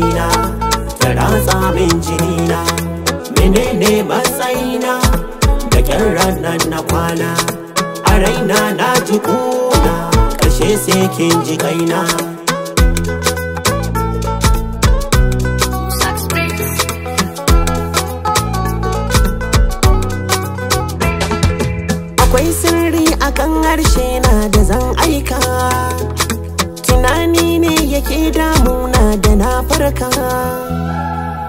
na ta ratsa min jini na menene matsayina da kyan ranar na kwana araina na ji kuna kashe sai kin ji kaina akwai sirri kan harshe na da zan aika tunani ne yake da albarka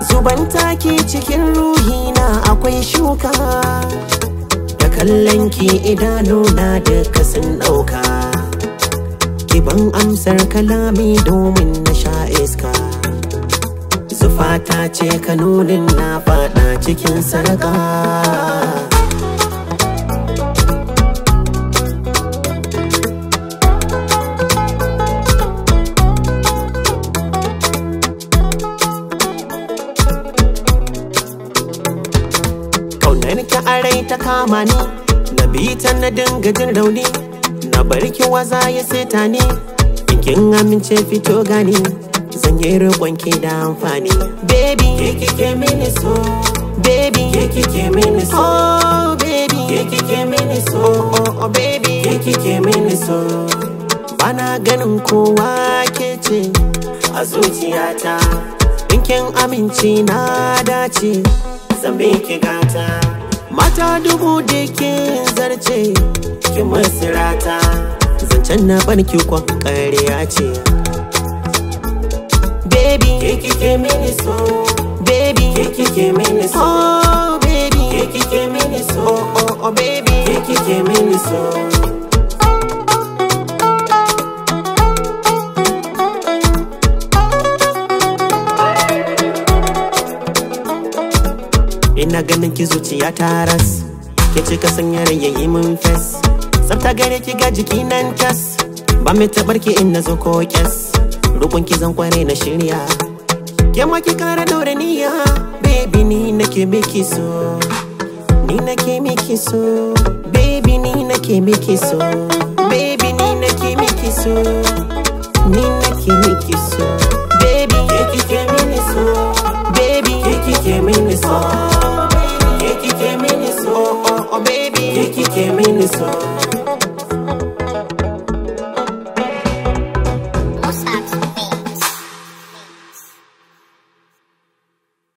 zuban taki cikin ruhina akwai shuka da kallon ki idanuna duka sun ɗauka kiban amsar kalami domin na sha iska zufata ce kanunin na faɗa cikin sadaka. yarki a rai ta kama ni Na biyi ta na dinga jin rauni Na barki waza ya seta ni In amince fito gani Zan yi roƙon ki da amfani Baby Ke kike mini so Baby Ke kike mini so oh, baby Ke kike mini so Oh oh baby Ke kike mini so Bana ganin kowa ke ce A zuciyata In kin amince na dace Zan bi ki gata mata dubu da ke zarce ki masirata zancen na barki kwan ƙarya ce baby ke kike mini so baby ke kike mini so oh, ina ganin ki zuciya ta ras ke kasan sanya yayi mun fes tsafta gare ki ga jiki nan tas ba mai tabar ki in nazo ko kes rukun ki zan kware na shirya ke ma ki kara daure baby ni nake miki so ni nake miki so baby ni nake miki so baby ni nake miki so que me nisso.